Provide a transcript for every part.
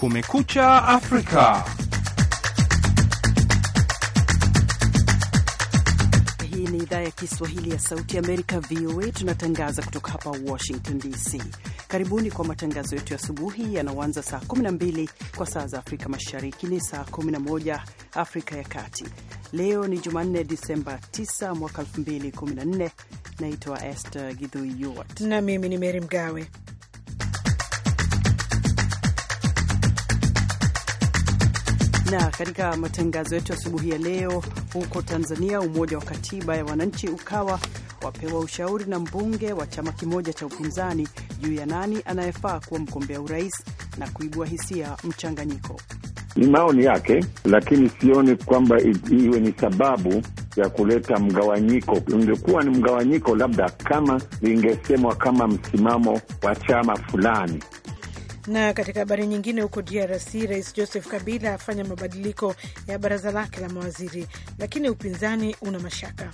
Kumekucha Afrika. Hii ni idhaa ya Kiswahili ya Sauti ya Amerika, VOA. Tunatangaza kutoka hapa Washington DC. Karibuni kwa matangazo yetu ya asubuhi yanaoanza saa 12 kwa saa za Afrika Mashariki, ni saa 11 Afrika ya Kati. Leo ni Jumanne, Disemba 9 mwaka 2014. Naitwa Esther Gidhui na mimi ni Meri Mgawe Na katika matangazo yetu asubuhi ya leo, huko Tanzania, umoja wa katiba ya wananchi Ukawa wapewa ushauri na mbunge wa chama kimoja cha upinzani juu ya nani anayefaa kuwa mgombea urais na kuibua hisia mchanganyiko. Ni maoni yake, lakini sioni kwamba iwe ni sababu ya kuleta mgawanyiko. ingekuwa ni mgawanyiko labda kama lingesemwa kama msimamo wa chama fulani. Na katika habari nyingine, huko DRC Rais Joseph Kabila afanya mabadiliko ya baraza lake la mawaziri, lakini upinzani una mashaka.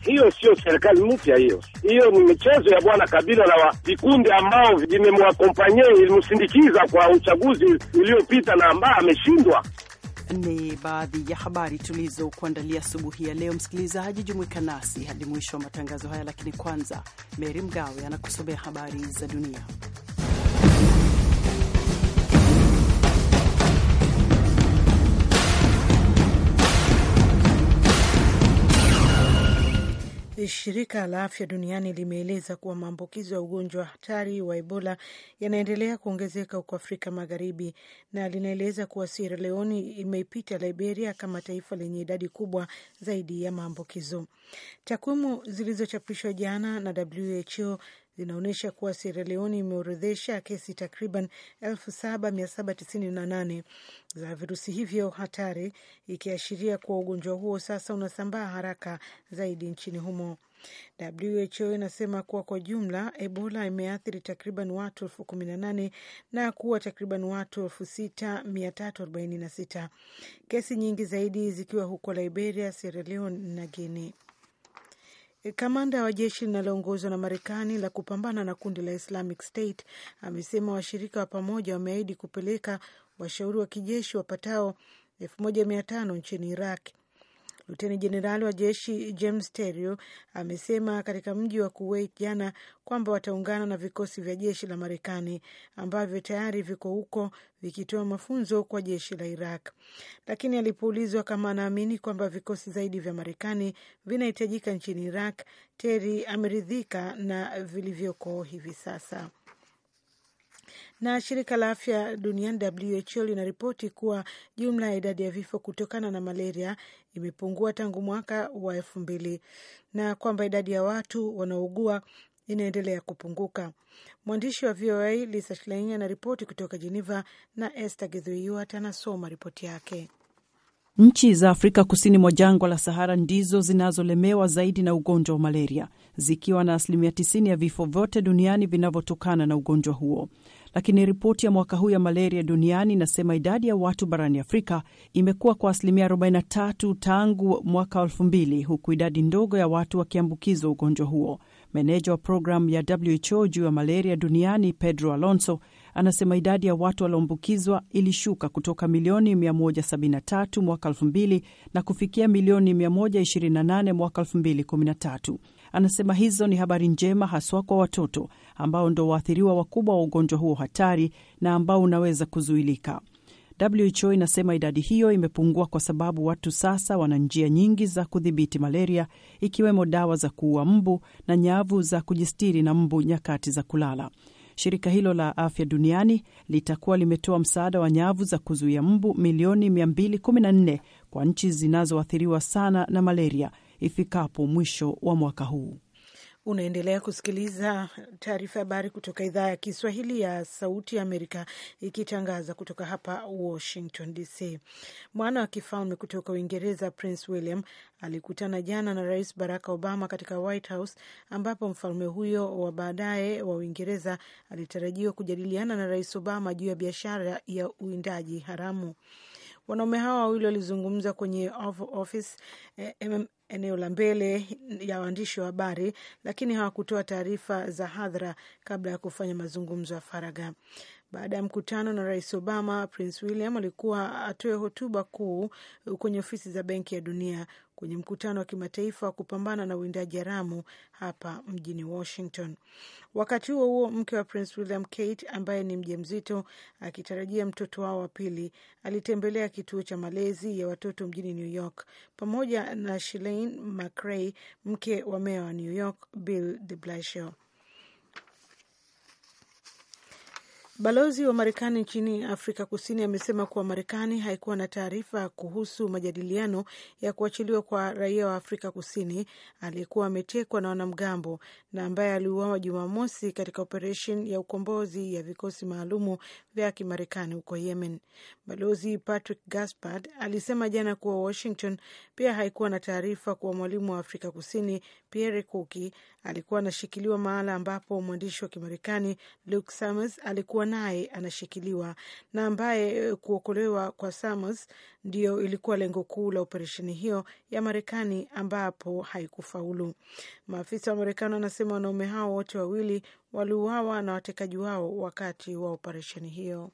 Hiyo sio serikali mpya, hiyo hiyo ni michezo ya bwana Kabila na vikundi ambao vimemwakompanye ilimsindikiza kwa uchaguzi uliopita na ambaye ameshindwa. Ni baadhi ya habari tulizokuandalia asubuhi ya leo. Msikilizaji, jumuika nasi hadi mwisho wa matangazo haya, lakini kwanza, Meri Mgawe anakusomea habari za dunia. Shirika la Afya Duniani limeeleza kuwa maambukizo ya ugonjwa hatari wa Ebola yanaendelea kuongezeka huko Afrika Magharibi, na linaeleza kuwa Sierra Leone imeipita Liberia kama taifa lenye idadi kubwa zaidi ya maambukizo. Takwimu zilizochapishwa jana na WHO zinaonyesha kuwa Sierra Leone imeorodhesha kesi takriban 7798 za virusi hivyo hatari, ikiashiria kuwa ugonjwa huo sasa unasambaa haraka zaidi nchini humo. WHO inasema kuwa kwa jumla Ebola imeathiri takriban watu elfu kumi na nane na kuwa takriban watu elfu sita mia tatu arobaini na sita kesi nyingi zaidi zikiwa huko Liberia, Sierra Leone na Guinea. Eh, kamanda wa jeshi linaloongozwa na Marekani la kupambana na kundi la Islamic State amesema washirika wa pamoja wameahidi kupeleka washauri wa kijeshi wapatao elfu moja mia tano nchini Iraq Luteni Jenerali wa jeshi James Terry amesema katika mji wa Kuwait jana kwamba wataungana na vikosi vya jeshi la Marekani ambavyo tayari viko huko vikitoa mafunzo kwa jeshi la Iraq. Lakini alipoulizwa kama anaamini kwamba vikosi zaidi vya Marekani vinahitajika nchini Iraq, Terry ameridhika na vilivyoko hivi sasa na shirika la afya duniani WHO linaripoti kuwa jumla ya idadi ya vifo kutokana na malaria imepungua tangu mwaka wa elfu mbili na kwamba idadi ya watu wanaougua inaendelea kupunguka. Mwandishi wa VOA Lisa Schlein anaripoti kutoka Jeneva na Esther Githuiwat anasoma ripoti yake. Nchi za Afrika kusini mwa jangwa la Sahara ndizo zinazolemewa zaidi na ugonjwa wa malaria zikiwa na asilimia 90 ya vifo vyote duniani vinavyotokana na ugonjwa huo lakini ripoti ya mwaka huu ya malaria duniani inasema idadi ya watu barani Afrika imekuwa kwa asilimia 43 tangu mwaka 2000 huku idadi ndogo ya watu wakiambukizwa ugonjwa huo. Meneja wa programu ya WHO juu ya malaria duniani Pedro Alonso anasema idadi ya watu walioambukizwa ilishuka kutoka milioni 173 mwaka 2000 na kufikia milioni 128 mwaka 2013. Anasema hizo ni habari njema, haswa kwa watoto ambao ndo waathiriwa wakubwa wa ugonjwa huo hatari na ambao unaweza kuzuilika. WHO inasema idadi hiyo imepungua kwa sababu watu sasa wana njia nyingi za kudhibiti malaria ikiwemo dawa za kuua mbu na nyavu za kujistiri na mbu nyakati za kulala. Shirika hilo la afya duniani litakuwa limetoa msaada wa nyavu za kuzuia mbu milioni 214 kwa nchi zinazoathiriwa sana na malaria ifikapo mwisho wa mwaka huu. Unaendelea kusikiliza taarifa habari kutoka idhaa ya Kiswahili ya Sauti ya Amerika ikitangaza kutoka hapa Washington DC. Mwana wa kifalme kutoka Uingereza Prince William alikutana jana na Rais Barack Obama katika White House, ambapo mfalme huyo wa baadaye wa Uingereza alitarajiwa kujadiliana na Rais Obama juu ya biashara ya uwindaji haramu. Wanaume hawa wawili walizungumza kwenye Oval Office eh, eneo la mbele ya waandishi wa habari, lakini hawakutoa taarifa za hadhara kabla ya kufanya mazungumzo ya faragha. Baada ya mkutano na Rais Obama, Prince William alikuwa atoe hotuba kuu kwenye ofisi za Benki ya Dunia kwenye mkutano wa kimataifa wa kupambana na uwindaji haramu hapa mjini Washington. Wakati huo huo, mke wa Prince William Kate ambaye ni mjamzito akitarajia mtoto wao wa pili alitembelea kituo cha malezi ya watoto mjini New York pamoja na Shilane McRae, mke wa meya wa New York Bill de Blasio. Balozi wa Marekani nchini Afrika Kusini amesema kuwa Marekani haikuwa na taarifa kuhusu majadiliano ya kuachiliwa kwa raia wa Afrika Kusini aliyekuwa ametekwa na wanamgambo na ambaye aliuawa Jumamosi katika operesheni ya ukombozi ya vikosi maalumu vya Kimarekani huko Yemen. Balozi Patrick Gaspard alisema jana kuwa Washington pia haikuwa na taarifa kuwa mwalimu wa Afrika Kusini Pierre Kuki alikuwa anashikiliwa mahala ambapo mwandishi wa Kimarekani Luke Summers alikuwa naye anashikiliwa na ambaye eh, kuokolewa kwa Summers ndio ilikuwa lengo kuu la operesheni hiyo ya Marekani ambapo haikufaulu. Maafisa wa Marekani wanasema wanaume hao wote wawili waliuawa na watekaji wao wakati wa operesheni hiyo.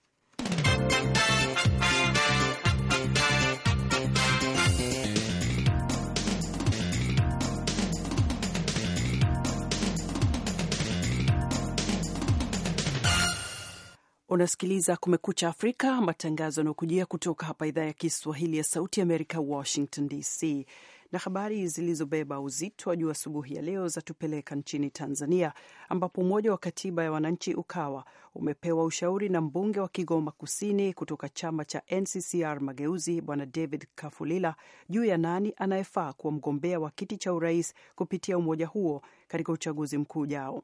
Unasikiliza Kumekucha Afrika, matangazo yanayokujia kutoka hapa idhaa ya Kiswahili ya Sauti ya Amerika, Washington DC. Na habari zilizobeba uzito wa juu asubuhi ya leo zatupeleka nchini Tanzania, ambapo umoja wa katiba ya wananchi Ukawa umepewa ushauri na mbunge wa Kigoma Kusini kutoka chama cha NCCR Mageuzi, Bwana David Kafulila juu ya nani anayefaa kuwa mgombea wa kiti cha urais kupitia umoja huo katika uchaguzi mkuu ujao.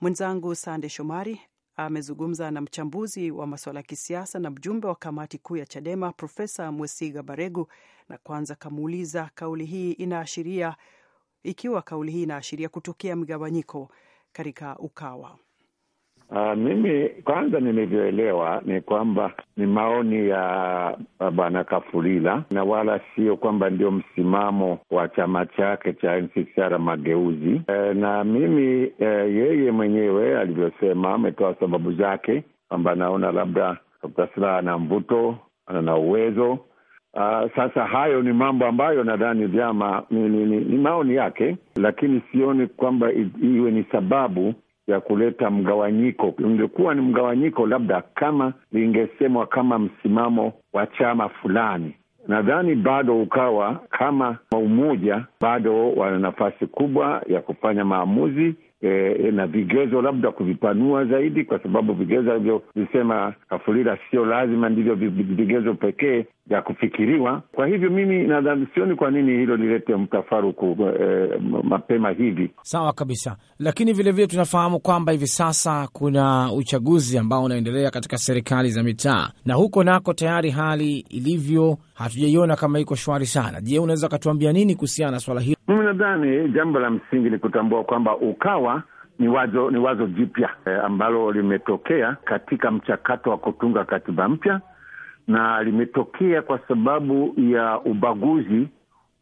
Mwenzangu Sande Shomari amezungumza na mchambuzi wa masuala ya kisiasa na mjumbe wa kamati kuu ya Chadema Profesa Mwesiga Baregu, na kwanza kamuuliza kauli hii inaashiria ikiwa kauli hii inaashiria kutokea mgawanyiko katika Ukawa. Uh, mimi kwanza nilivyoelewa ni kwamba ni maoni ya bwana Kafulila na wala sio kwamba ndio msimamo wa chama chake cha NCCR Mageuzi. Uh, na mimi uh, yeye mwenyewe alivyosema ametoa sababu zake kwamba anaona labda Dokta Slaa ana mvuto, ana uwezo. Uh, sasa hayo ni mambo ambayo nadhani vyama ni, ni, ni, ni maoni yake, lakini sioni kwamba iwe ni sababu ya kuleta mgawanyiko. Ungekuwa ni mgawanyiko labda kama lingesemwa kama msimamo wa chama fulani, nadhani bado ukawa kama umoja, bado wana nafasi kubwa ya kufanya maamuzi. E, na vigezo labda kuvipanua zaidi, kwa sababu vigezo alivyovisema Kafulila sio lazima ndivyo vigezo pekee ya kufikiriwa. Kwa hivyo mimi nadhani, sioni kwa nini hilo lilete mtafaruku eh, mapema hivi. Sawa kabisa, lakini vilevile vile tunafahamu kwamba hivi sasa kuna uchaguzi ambao unaendelea katika serikali za mitaa, na huko nako tayari hali ilivyo hatujaiona kama iko shwari sana. Je, unaweza ukatuambia nini kuhusiana na swala hili? Mimi nadhani jambo la msingi ni kutambua kwamba ukawa ni wazo, ni wazo jipya eh, ambalo limetokea katika mchakato wa kutunga katiba mpya na limetokea kwa sababu ya ubaguzi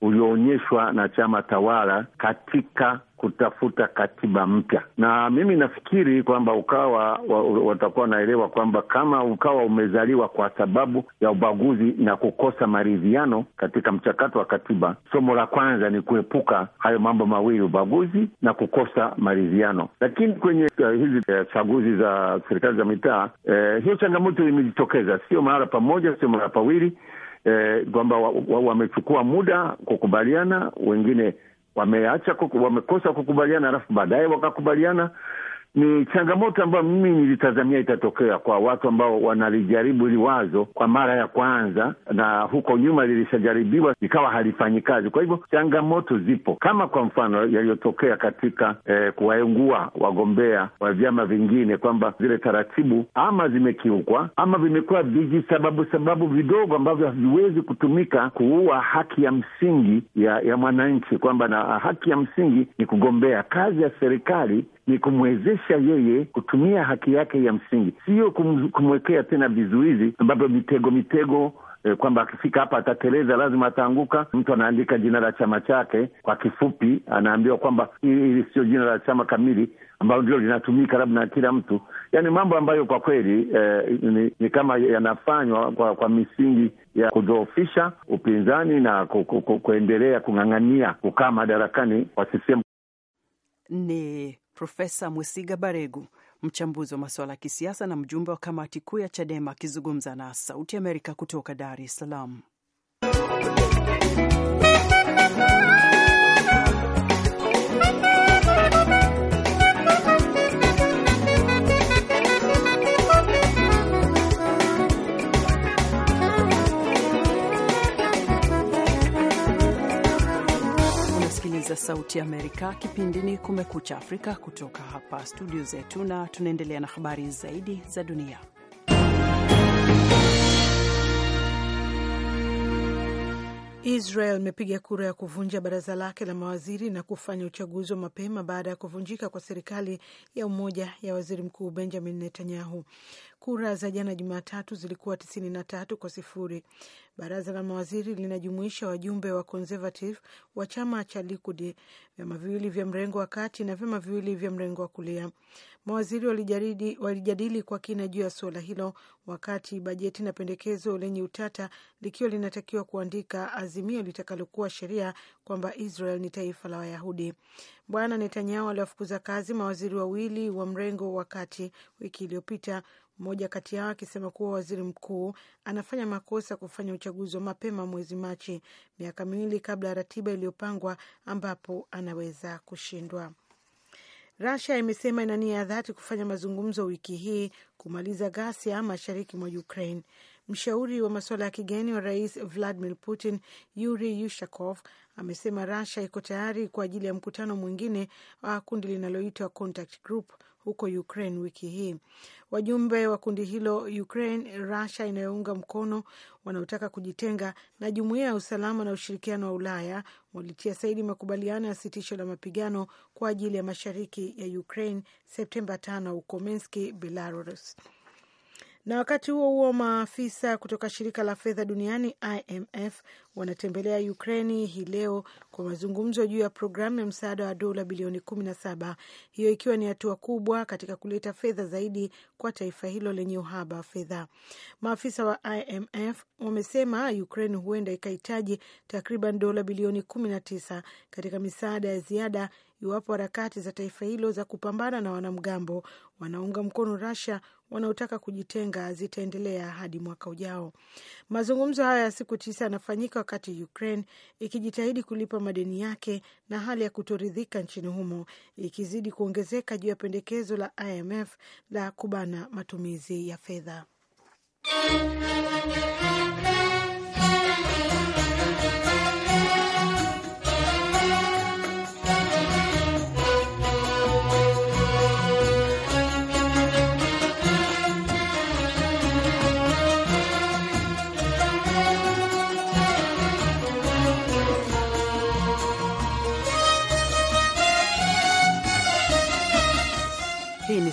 ulioonyeshwa na chama tawala katika kutafuta katiba mpya, na mimi nafikiri kwamba Ukawa watakuwa wanaelewa kwamba kama Ukawa umezaliwa kwa sababu ya ubaguzi na kukosa maridhiano katika mchakato wa katiba, somo la kwanza ni kuepuka hayo mambo mawili, ubaguzi na kukosa maridhiano. Lakini kwenye uh, hizi uh, chaguzi za serikali za mitaa uh, hiyo changamoto imejitokeza, sio mahala pamoja, sio mahala pawili Eh, kwamba wamechukua wa, wa muda kukubaliana, wengine wameacha kuku, wamekosa kukubaliana, alafu baadaye wakakubaliana ni changamoto ambayo mimi nilitazamia itatokea kwa watu ambao wanalijaribu hili wazo kwa mara ya kwanza, na huko nyuma lilishajaribiwa ikawa halifanyi kazi. Kwa hivyo changamoto zipo, kama kwa mfano yaliyotokea katika eh, kuwaengua wagombea wa vyama vingine, kwamba zile taratibu ama zimekiukwa ama vimekuwa vijisababu sababu vidogo ambavyo haviwezi kutumika kuua haki ya msingi ya, ya mwananchi, kwamba na haki ya msingi ni kugombea. Kazi ya serikali ni kumwezesha yeye kutumia haki yake ya msingi, siyo kumwekea tena vizuizi ambavyo mitego mitego eh, kwamba akifika hapa atateleza, lazima ataanguka. Mtu anaandika jina la chama chake kwa kifupi, anaambiwa kwamba hili sio jina la chama kamili ambalo ndilo linatumika labda na kila mtu. Yani mambo ambayo kwa kweli eh, ni, ni kama yanafanywa kwa, kwa misingi ya kudhoofisha upinzani na ku, ku, ku, kuendelea kung'ang'ania kukaa madarakani kwa sisemu ni Profesa Mwesiga Baregu, mchambuzi wa masuala ya kisiasa na mjumbe wa kamati kuu ya CHADEMA akizungumza na Sauti Amerika kutoka Dar es Salaam. kusikiliza Sauti ya Amerika. Kipindi ni Kumekucha Afrika kutoka hapa studio zetu, na tunaendelea na habari zaidi za dunia. Israel imepiga kura ya kuvunja baraza lake la mawaziri na kufanya uchaguzi wa mapema baada ya kuvunjika kwa serikali ya umoja ya waziri mkuu Benjamin Netanyahu. Kura za jana Jumatatu zilikuwa tisini na tatu kwa sifuri. Baraza la mawaziri linajumuisha wajumbe wa Conservative wa chama cha Likud, vyama viwili vya mrengo wa kati na vyama viwili vya mrengo wa kulia. Mawaziri walijadili kwa kina juu ya suala hilo wakati bajeti na pendekezo lenye utata likiwa linatakiwa kuandika azimio litakalokuwa sheria kwamba Israel ni taifa la Wayahudi. Bwana Netanyahu aliwafukuza kazi mawaziri wawili wa mrengo wa kati wiki iliyopita mmoja kati yao akisema kuwa waziri mkuu anafanya makosa kufanya uchaguzi wa mapema mwezi Machi, miaka miwili kabla ya ratiba iliyopangwa, ambapo anaweza kushindwa. Rasia imesema ina nia ya dhati kufanya mazungumzo wiki hii kumaliza ghasia mashariki mwa Ukraine. Mshauri wa masuala ya kigeni wa rais Vladimir Putin, Yuri Yushakov, amesema Rasia iko tayari kwa ajili ya mkutano mwingine wa kundi linaloitwa Contact Group huko Ukraine wiki hii. Wajumbe wa kundi hilo Ukraine, Russia inayounga mkono wanaotaka kujitenga na jumuiya ya usalama na ushirikiano wa Ulaya walitia saidi makubaliano ya sitisho la mapigano kwa ajili ya mashariki ya Ukraine Septemba 5 huko Minsk, Belarus. Na wakati huo huo, maafisa kutoka shirika la fedha duniani IMF wanatembelea Ukraini hii leo kwa mazungumzo juu ya programu ya msaada wa dola bilioni saba, hiyo ikiwa ni hatua kubwa katika kuleta fedha zaidi kwa taifa hilo lenye uhaba wa fedha. Maafisa wa IMF wamesema Ukraini huenda ikahitaji takriban dola bilioni 19 katika misaada ya ziada iwapo harakati za taifa hilo za kupambana na wanamgambo wanaunga mkono rasia wanaotaka kujitenga zitaendelea hadi mwaka ujao. Mazungumzo hayo ya siku tisa yanafanyika wakati Ukraine ikijitahidi kulipa madeni yake na hali ya kutoridhika nchini humo ikizidi kuongezeka juu ya pendekezo la IMF la kubana matumizi ya fedha.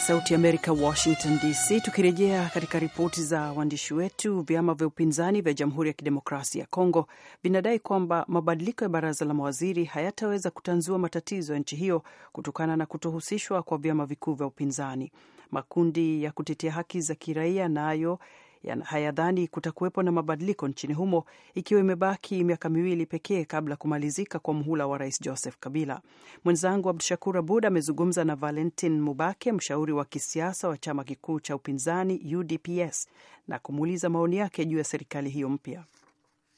Sauti ya Amerika, Washington DC. Tukirejea katika ripoti za waandishi wetu, vyama vya upinzani vya Jamhuri ya Kidemokrasia ya Kongo vinadai kwamba mabadiliko ya baraza la mawaziri hayataweza kutanzua matatizo ya nchi hiyo kutokana na kutohusishwa kwa vyama vikuu vya upinzani. Makundi ya kutetea haki za kiraia nayo na hayadhani kutakuwepo na mabadiliko nchini humo ikiwa imebaki miaka miwili pekee kabla kumalizika kwa mhula wa rais Joseph Kabila. Mwenzangu Abdu Shakur Abud amezungumza na Valentin Mubake, mshauri wa kisiasa wa chama kikuu cha upinzani UDPS, na kumuuliza maoni yake juu ya serikali hiyo mpya.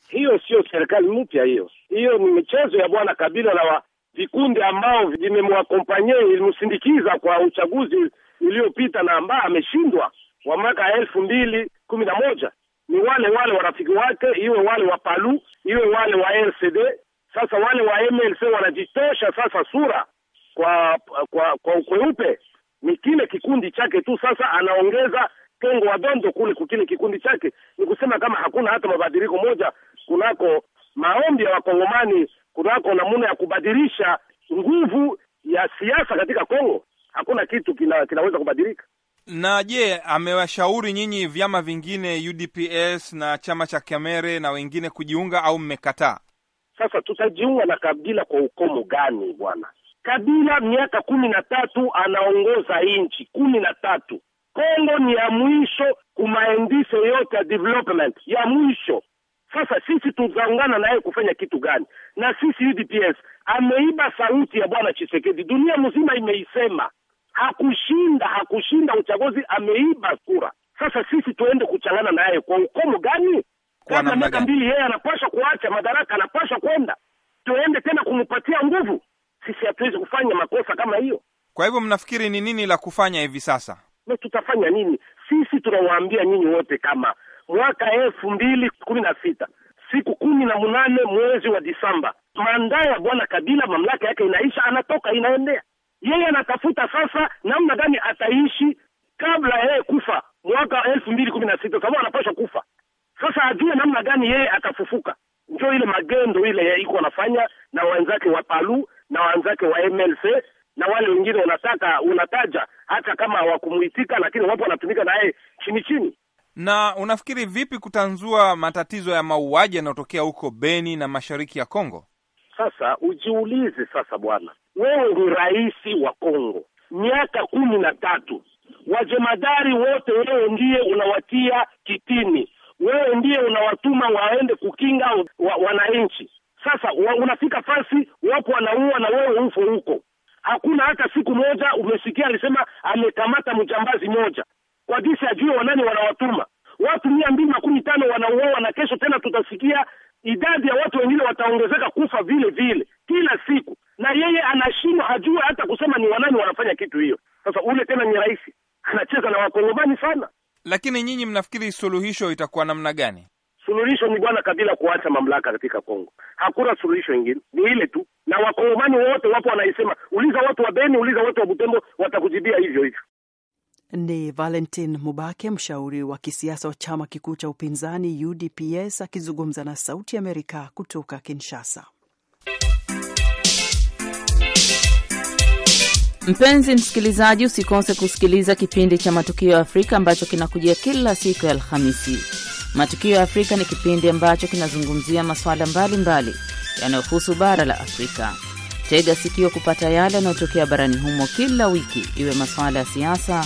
Hiyo siyo serikali mpya, hiyo hiyo ni michezo ya bwana Kabila na wa vikundi ambao vimemwakompanye ilimsindikiza kwa uchaguzi uliopita na ambaye ameshindwa wa mwaka elfu mbili kumi na moja ni wale wale warafiki wake, iwe wale wa PALU iwe wale wa RCD. Sasa wale wa MLC wanajitosha sasa sura kwa kwa kwa ukweupe, ni kile kikundi chake tu. Sasa anaongeza kengo wa dondo kule kukile kikundi chake, ni kusema kama hakuna hata mabadiliko moja kunako maombi ya Wakongomani, kunako namuna ya kubadilisha nguvu ya siasa katika Kongo, hakuna kitu kina, kinaweza kubadilika. Na je, amewashauri nyinyi vyama vingine UDPS na chama cha Kamere na wengine kujiunga au mmekataa? Sasa tutajiunga na Kabila kwa ukomo gani bwana? Kabila miaka kumi na tatu anaongoza nchi kumi na tatu. Kongo ni ya mwisho kumaendiso yote ya development ya mwisho. Sasa sisi tutaungana yeye kufanya kitu gani? Na sisi UDPS ameiba sauti ya bwana Chisekedi, dunia mzima imeisema hakushinda, hakushinda uchaguzi, ameiba kura. Sasa sisi tuende kuchangana naye kwa ukomo gani? Kabla miaka mbili yeye anapaswa kuacha madaraka, anapaswa kwenda, tuende tena kumpatia nguvu? Sisi hatuwezi kufanya makosa kama hiyo. Kwa hivyo mnafikiri ni nini la kufanya hivi sasa? Me, tutafanya nini sisi? Tunawaambia nyinyi wote kama mwaka elfu mbili kumi na sita siku kumi na munane mwezi wa Disemba, mandaa ya bwana Kabila mamlaka yake inaisha, anatoka inaendea yeye anatafuta sasa namna gani ataishi kabla yeye kufa mwaka elfu mbili kumi na sita sababu anapashwa kufa sasa, ajue namna gani yeye atafufuka. Ndio ile magendo ile iko anafanya na wenzake wa Palu na wenzake wa MLC na wale wengine unataka unataja, hata kama wakumuitika, lakini wapo wanatumika naye chini chini. Na unafikiri vipi kutanzua matatizo ya mauaji yanayotokea huko Beni na mashariki ya Kongo? Sasa ujiulize sasa, bwana, wewe ni rais wa Kongo miaka kumi na tatu, wajemadari wote wewe ndiye unawatia kitini, wewe ndiye unawatuma waende kukinga wa, wananchi. Sasa wa, unafika fasi wapo wanaua na wewe ufo huko. Hakuna hata siku moja umesikia alisema amekamata mjambazi moja kwa jinsi ajue wanani wanawatuma watu mia mbili makumi tano wanauawa, na kesho tena tutasikia idadi ya watu wengine wataongezeka kufa vile vile kila siku, na yeye anashindwa, hajui hata kusema ni wanani wanafanya kitu hiyo. Sasa ule tena ni rais anacheza na wakongomani sana. Lakini nyinyi mnafikiri suluhisho itakuwa namna gani? Suluhisho ni bwana Kabila kuacha mamlaka katika Kongo. Hakuna suluhisho ingine, ni ile tu, na wakongomani wote wapo wanaisema. Uliza watu wa Beni, uliza watu wa Butembo, watakujibia hivyo hivyo. Ni Valentin Mubake, mshauri wa kisiasa wa chama kikuu cha upinzani UDPS, akizungumza na Sauti Amerika kutoka Kinshasa. Mpenzi msikilizaji, usikose kusikiliza kipindi cha Matukio ya Afrika ambacho kinakujia kila siku ya Alhamisi. Matukio ya Afrika ni kipindi ambacho kinazungumzia masuala mbalimbali yanayohusu bara la Afrika. Tega sikio kupata yale yanayotokea barani humo kila wiki, iwe masuala ya siasa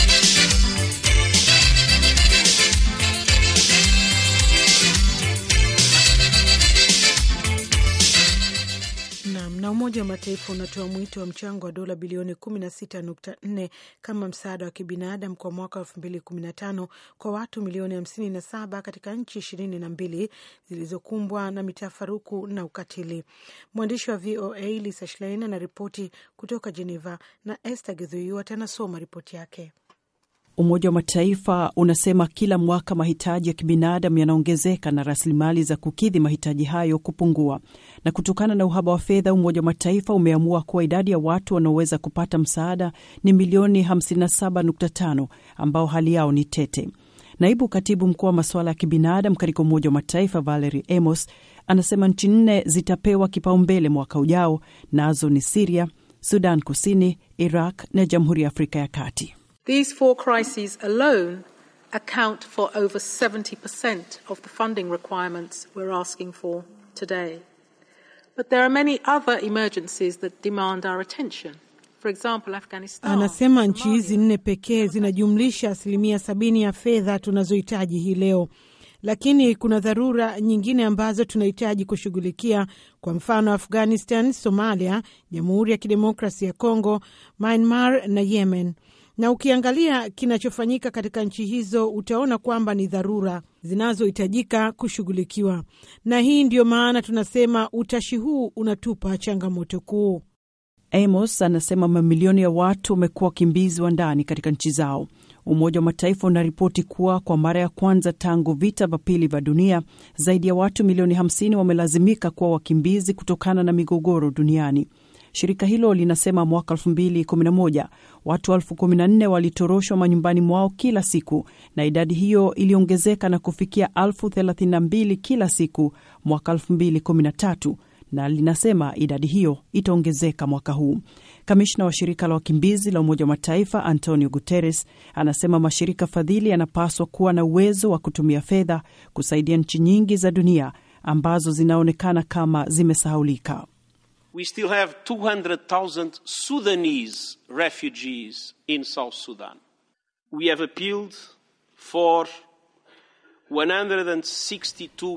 Umoja wa Mataifa unatoa mwito wa mchango wa dola bilioni 16.4 kama msaada wa kibinadamu kwa mwaka wa 2015 kwa watu milioni 57 katika nchi 22 zilizokumbwa na mitafaruku na ukatili. Mwandishi wa VOA Lisa Schlein anaripoti kutoka Geneva na Esther Githui anasoma ripoti yake. Umoja wa Mataifa unasema kila mwaka mahitaji ya kibinadamu yanaongezeka na rasilimali za kukidhi mahitaji hayo kupungua. Na kutokana na uhaba wa fedha, Umoja wa Mataifa umeamua kuwa idadi ya watu wanaoweza kupata msaada ni milioni 57.5 ambao hali yao ni tete. Naibu katibu mkuu wa masuala ya kibinadamu katika Umoja wa Mataifa Valerie Amos anasema nchi nne zitapewa kipaumbele mwaka ujao, nazo ni Siria, Sudan Kusini, Iraq na Jamhuri ya Afrika ya Kati. These four crises alone account for over 70% of the funding requirements we're asking for today. But there are many other emergencies that demand our attention. For example, Afghanistan. Anasema nchi hizi nne pekee zinajumlisha asilimia sabini ya fedha tunazohitaji hii leo, lakini kuna dharura nyingine ambazo tunahitaji kushughulikia, kwa mfano Afghanistan, Somalia, Jamhuri ya Kidemokrasi ya Congo, Myanmar na Yemen. na ukiangalia kinachofanyika katika nchi hizo utaona kwamba ni dharura zinazohitajika kushughulikiwa, na hii ndiyo maana tunasema utashi huu unatupa changamoto kuu. Amos anasema mamilioni ya watu wamekuwa wakimbizi wa ndani katika nchi zao. Umoja wa Mataifa unaripoti kuwa kwa mara ya kwanza tangu vita vya pili vya dunia, zaidi ya watu milioni 50 wamelazimika kuwa wakimbizi kutokana na migogoro duniani. Shirika hilo linasema mwaka 2011 watu 14 walitoroshwa manyumbani mwao kila siku, na idadi hiyo iliongezeka na kufikia 32 kila siku mwaka 2013 na linasema idadi hiyo itaongezeka mwaka huu. Kamishna wa shirika la wakimbizi la Umoja wa Mataifa Antonio Guterres anasema mashirika fadhili yanapaswa kuwa na uwezo wa kutumia fedha kusaidia nchi nyingi za dunia ambazo zinaonekana kama zimesahaulika we still have 200,000 Sudanese refugees in South Sudan. We have appealed for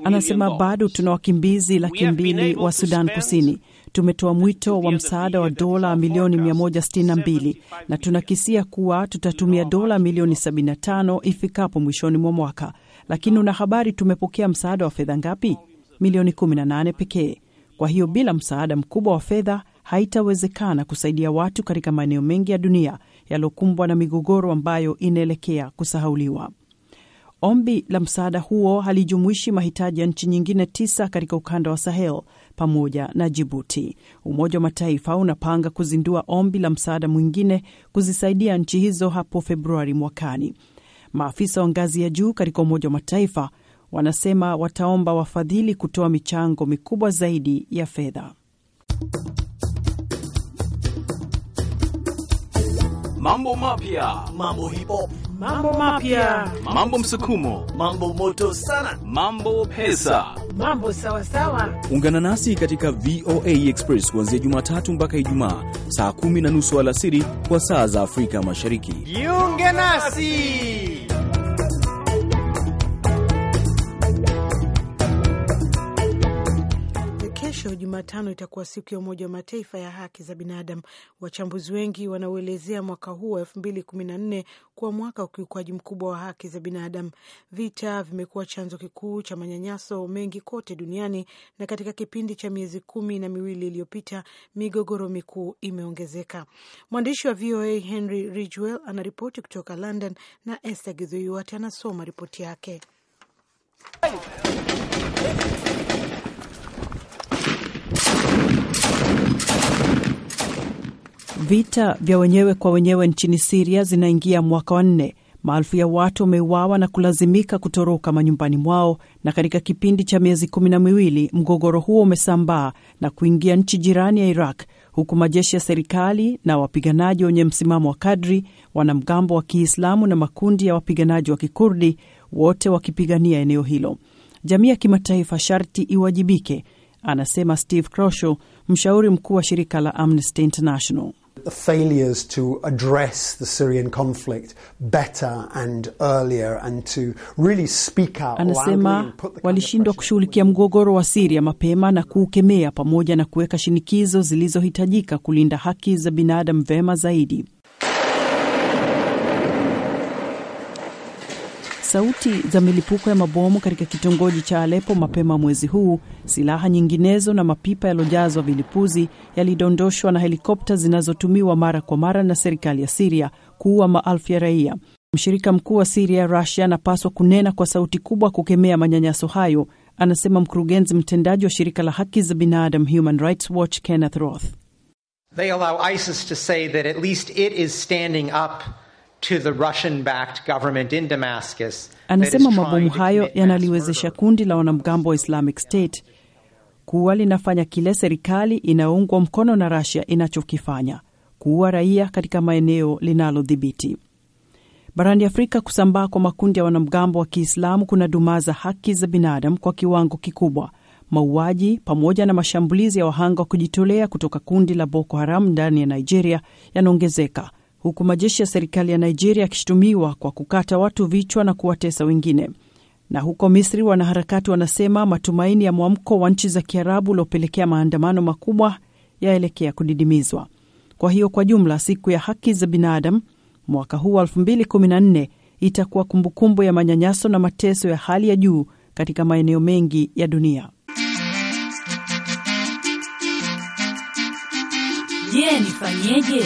Anasema bado tuna wakimbizi laki mbili wa Sudan Kusini. Tumetoa mwito wa msaada wa dola milioni 162 na tunakisia kuwa tutatumia dola milioni 75 ifikapo mwishoni mwa mwaka, lakini una habari tumepokea msaada wa fedha ngapi? Milioni 18 pekee. Kwa hiyo bila msaada mkubwa wa fedha haitawezekana kusaidia watu katika maeneo mengi ya dunia yaliyokumbwa na migogoro ambayo inaelekea kusahauliwa. Ombi la msaada huo halijumuishi mahitaji ya nchi nyingine tisa katika ukanda wa Sahel pamoja na Jibuti. Umoja wa Mataifa unapanga kuzindua ombi la msaada mwingine kuzisaidia nchi hizo hapo Februari mwakani. Maafisa wa ngazi ya juu katika Umoja wa Mataifa wanasema wataomba wafadhili kutoa michango mikubwa zaidi ya fedha. Mambo mapya, mambo hipo, mambo mapya, mambo msukumo, mambo moto sana, mambo pesa, mambo sawasawa. Ungana nasi katika VOA Express kuanzia Jumatatu mpaka Ijumaa saa kumi na nusu alasiri kwa saa za Afrika Mashariki. Jiunge nasi. Kesho Jumatano itakuwa siku ya Umoja wa Mataifa ya haki za binadamu. Wachambuzi wengi wanauelezea mwaka huu wa elfu mbili kumi na nne kuwa mwaka wa ukiukwaji mkubwa wa haki za binadamu. Vita vimekuwa chanzo kikuu cha manyanyaso mengi kote duniani, na katika kipindi cha miezi kumi na miwili iliyopita migogoro mikuu imeongezeka. Mwandishi wa VOA Henry Ridgwell anaripoti kutoka London na Esther Gidhuiwat anasoma ripoti yake. Vita vya wenyewe kwa wenyewe nchini Siria zinaingia mwaka wa nne. Maelfu ya watu wameuawa na kulazimika kutoroka manyumbani mwao, na katika kipindi cha miezi kumi na miwili mgogoro huo umesambaa na kuingia nchi jirani ya Iraq, huku majeshi ya serikali na wapiganaji wenye msimamo wa kadri, wanamgambo wa Kiislamu na makundi ya wapiganaji wa Kikurdi wote wakipigania eneo hilo. Jamii ya kimataifa sharti iwajibike, anasema Steve Crosho, mshauri mkuu wa shirika la Amnesty International the failures to address the Syrian conflict better and earlier and to really speak out. Anasema walishindwa kushughulikia mgogoro wa Siria mapema na kuukemea pamoja na kuweka shinikizo zilizohitajika kulinda haki za binadamu vema zaidi. sauti za milipuko ya mabomu katika kitongoji cha Alepo mapema mwezi huu, silaha nyinginezo na mapipa yaliyojazwa vilipuzi yalidondoshwa na helikopta zinazotumiwa mara kwa mara na serikali ya Siria kuua maelfu ya raia. Mshirika mkuu wa Siria, Rusia, anapaswa kunena kwa sauti kubwa kukemea manyanyaso hayo, anasema mkurugenzi mtendaji wa shirika la haki za binadamu Human Rights Watch Kenneth Roth. They allow ISIS to say that at least it is standing up Anasema mabomu hayo yanaliwezesha kundi la wanamgambo wa Islamic State kuwa linafanya kile serikali inayoungwa mkono na rasia inachokifanya, kuua raia katika maeneo linalodhibiti. Barani Afrika, kusambaa kwa makundi ya wanamgambo wa Kiislamu kuna dumaza haki za binadamu kwa kiwango kikubwa. Mauaji pamoja na mashambulizi ya wahanga wa kujitolea kutoka kundi la Boko Haram ndani ya Nigeria yanaongezeka huku majeshi ya serikali ya Nigeria yakishutumiwa kwa kukata watu vichwa na kuwatesa wengine. Na huko Misri, wanaharakati wanasema matumaini ya mwamko wa nchi za Kiarabu uliopelekea maandamano makubwa yaelekea kudidimizwa. Kwa hiyo kwa jumla, siku ya haki za binadamu mwaka huu 2014 itakuwa kumbukumbu ya manyanyaso na mateso ya hali ya juu katika maeneo mengi ya dunia. Je, nifanyeje?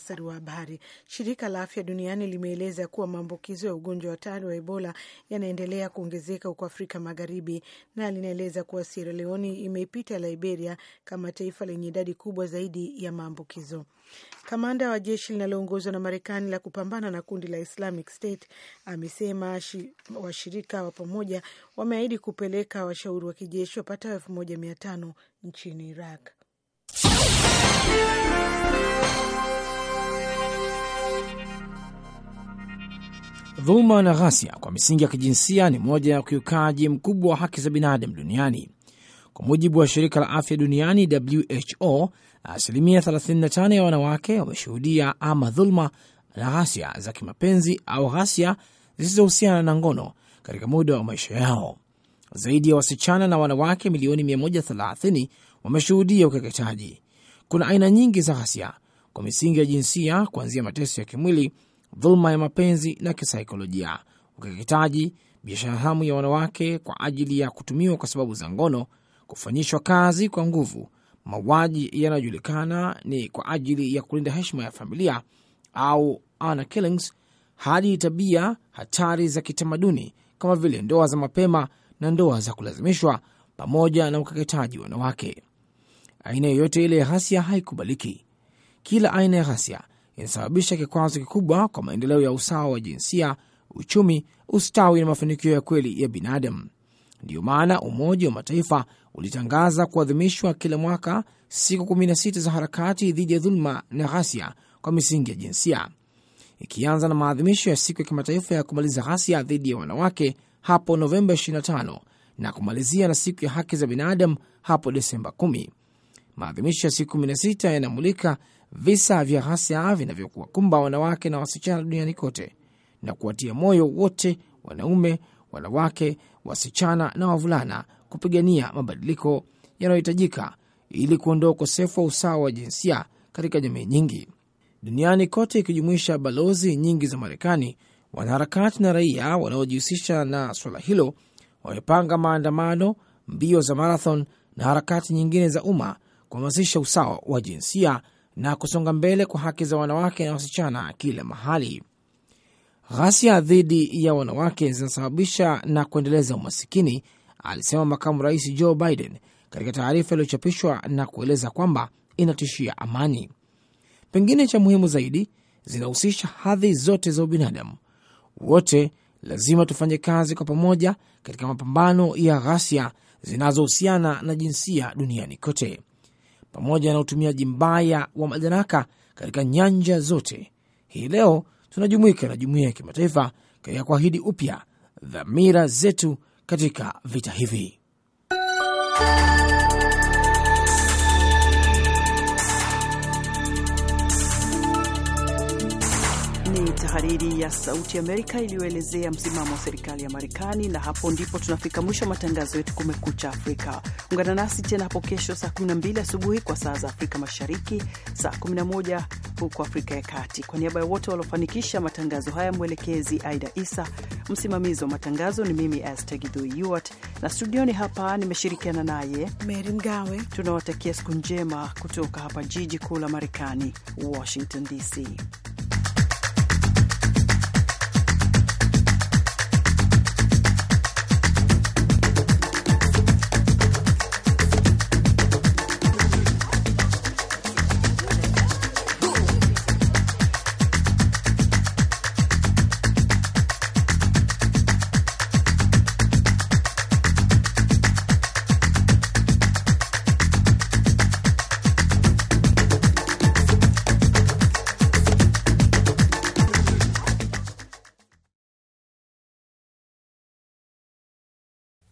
muktasari wa habari. Shirika la Afya Duniani limeeleza kuwa maambukizo ya ugonjwa hatari wa Ebola yanaendelea kuongezeka huko Afrika Magharibi, na linaeleza kuwa Sierra Leone imeipita Liberia kama taifa lenye idadi kubwa zaidi ya maambukizo. Kamanda wa jeshi linaloongozwa na Marekani la kupambana na kundi la Islamic State amesema washirika wa pamoja wameahidi kupeleka washauri wa kijeshi wapatao elfu moja mia tano nchini Iraq. Dhuluma na ghasia kwa misingi ya kijinsia ni moja ya ukiukaji mkubwa wa haki za binadamu duniani. Kwa mujibu wa shirika la afya duniani WHO, asilimia 35 ya wanawake wameshuhudia ama dhuluma na ghasia za kimapenzi au ghasia zisizohusiana na ngono katika muda wa maisha yao. Zaidi ya wasichana na wanawake milioni 130 wameshuhudia ukeketaji. Kuna aina nyingi za ghasia kwa misingi ya jinsia, kuanzia mateso ya kimwili dhuluma ya mapenzi na kisaikolojia, ukeketaji, biashara hamu ya wanawake kwa ajili ya kutumiwa kwa sababu za ngono, kufanyishwa kazi kwa nguvu, mauaji yanayojulikana ni kwa ajili ya kulinda heshima ya familia au honor killings, hadi tabia hatari za kitamaduni kama vile ndoa za mapema na ndoa za kulazimishwa, pamoja na ukeketaji wanawake. Aina yoyote ile ya ghasia haikubaliki. Kila aina ya ghasia inasababisha kikwazo kikubwa kwa maendeleo ya usawa wa jinsia, uchumi, ustawi na mafanikio ya kweli ya binadamu. Ndiyo maana Umoja wa Mataifa ulitangaza kuadhimishwa kila mwaka siku 16 za harakati dhidi ya dhuluma na ghasia kwa misingi ya jinsia, ikianza na maadhimisho ya siku ya kimataifa ya kumaliza ghasia dhidi ya wanawake hapo Novemba 25 na kumalizia na siku ya haki za binadamu hapo Desemba 10. Maadhimisho ya siku 16 yanamulika visa vya ghasia vinavyowakumba wanawake na wasichana duniani kote na kuwatia moyo wote, wanaume, wanawake, wasichana na wavulana kupigania mabadiliko yanayohitajika ili kuondoa ukosefu wa usawa wa jinsia katika jamii nyingi duniani kote, ikijumuisha balozi nyingi za Marekani. Wanaharakati na raia wanaojihusisha na suala hilo wamepanga maandamano, mbio za marathon na harakati nyingine za umma kuhamasisha usawa wa jinsia na kusonga mbele kwa haki za wanawake na wasichana kila mahali. Ghasia dhidi ya wanawake zinasababisha na kuendeleza umasikini, alisema makamu rais Joe Biden katika taarifa iliyochapishwa na kueleza kwamba inatishia amani. Pengine cha muhimu zaidi, zinahusisha hadhi zote za ubinadamu. Wote lazima tufanye kazi kwa pamoja katika mapambano ya ghasia zinazohusiana na jinsia duniani kote pamoja na utumiaji mbaya wa madaraka katika nyanja zote. Hii leo tunajumuika na jumuiya ya kimataifa katika kuahidi upya dhamira zetu katika vita hivi. tahariri ya Sauti Amerika iliyoelezea msimamo wa serikali ya Marekani. Na hapo ndipo tunafika mwisho wa matangazo yetu Kumekucha Afrika. Ungana nasi tena hapo kesho saa 12 asubuhi kwa saa za Afrika Mashariki, saa 11 huko Afrika ya Kati. Kwa niaba ya wote waliofanikisha matangazo haya, mwelekezi Aida Isa, msimamizi wa matangazo ni mimi Astegidhyuat, na studioni hapa nimeshirikiana naye Meri Mgawe. Tunawatakia siku njema kutoka hapa jiji kuu la Marekani, Washington DC.